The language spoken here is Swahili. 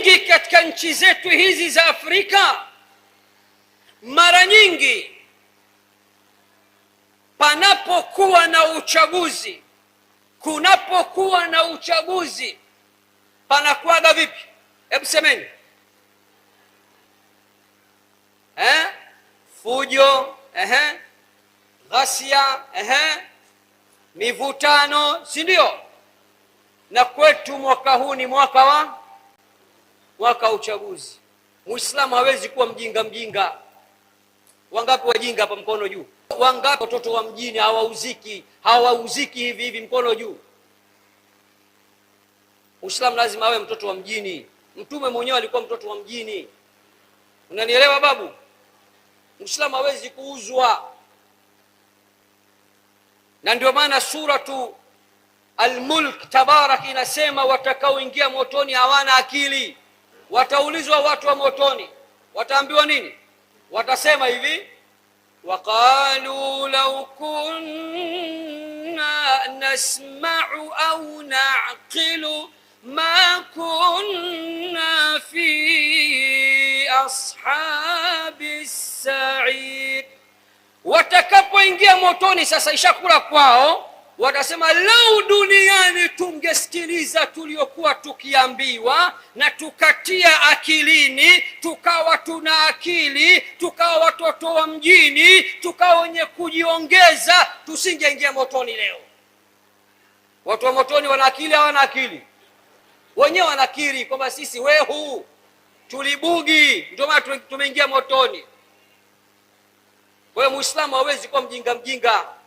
nyingi katika nchi zetu hizi za Afrika mara nyingi panapokuwa na uchaguzi, kunapokuwa na uchaguzi panakuwaga vipi? Hebu semeni eh? Fujo eh? Ghasia eh? Mivutano, si ndio? Na kwetu mwaka huu ni mwaka wa mwaka wa uchaguzi. Muislamu hawezi kuwa mjinga mjinga. Wangapi wajinga hapa, mkono juu? Wangapi watoto wa mjini hawauziki, hawauziki hivi hivi, mkono juu. Muislamu lazima awe mtoto wa mjini. Mtume mwenyewe alikuwa mtoto wa mjini, unanielewa babu? Muislamu hawezi kuuzwa, na ndio maana suratu Almulk Tabarak inasema watakaoingia motoni hawana akili. Wataulizwa watu wa motoni, wataambiwa nini? Watasema hivi, waqalu law kunna nasma'u au na'qilu ma kunna fi ashabi said. Watakapoingia motoni sasa, ishakula kwao Wanasema lau duniani tungesikiliza tuliokuwa tukiambiwa na tukatia akilini, tukawa tuna akili, tukawa watoto wa mjini, tukawa wenye kujiongeza, tusingeingia motoni leo. Watu wa motoni wana akili, hawana akili? Wenyewe wanakiri kwamba sisi wehu tulibugi, ndio maana tumeingia motoni. Kwa hiyo muislamu hawezi kuwa mjinga mjinga